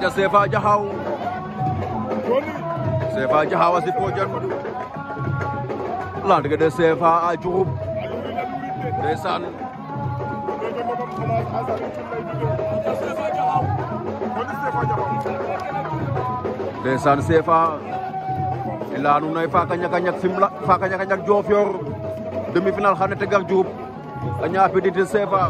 Sefa Jaxaw Sefa Jaxaw a a Diouroup ndeysaan ndeysaan Sefa i leya nuun ne faak a ñak a ñak Fimela faak a ñak a ñak Diofior demi-finale xan ta gar a ñaafidi ten Sefa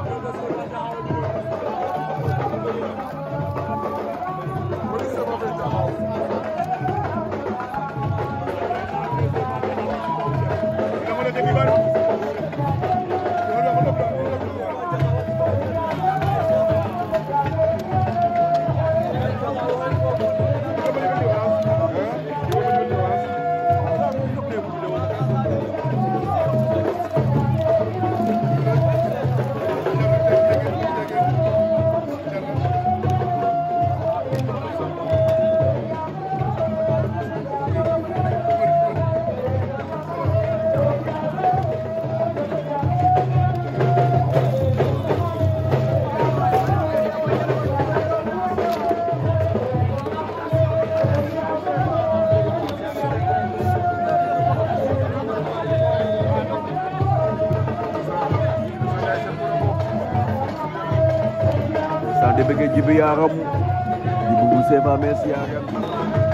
daal di bëgg jibi yaaram jibi bu seefa mees yaaram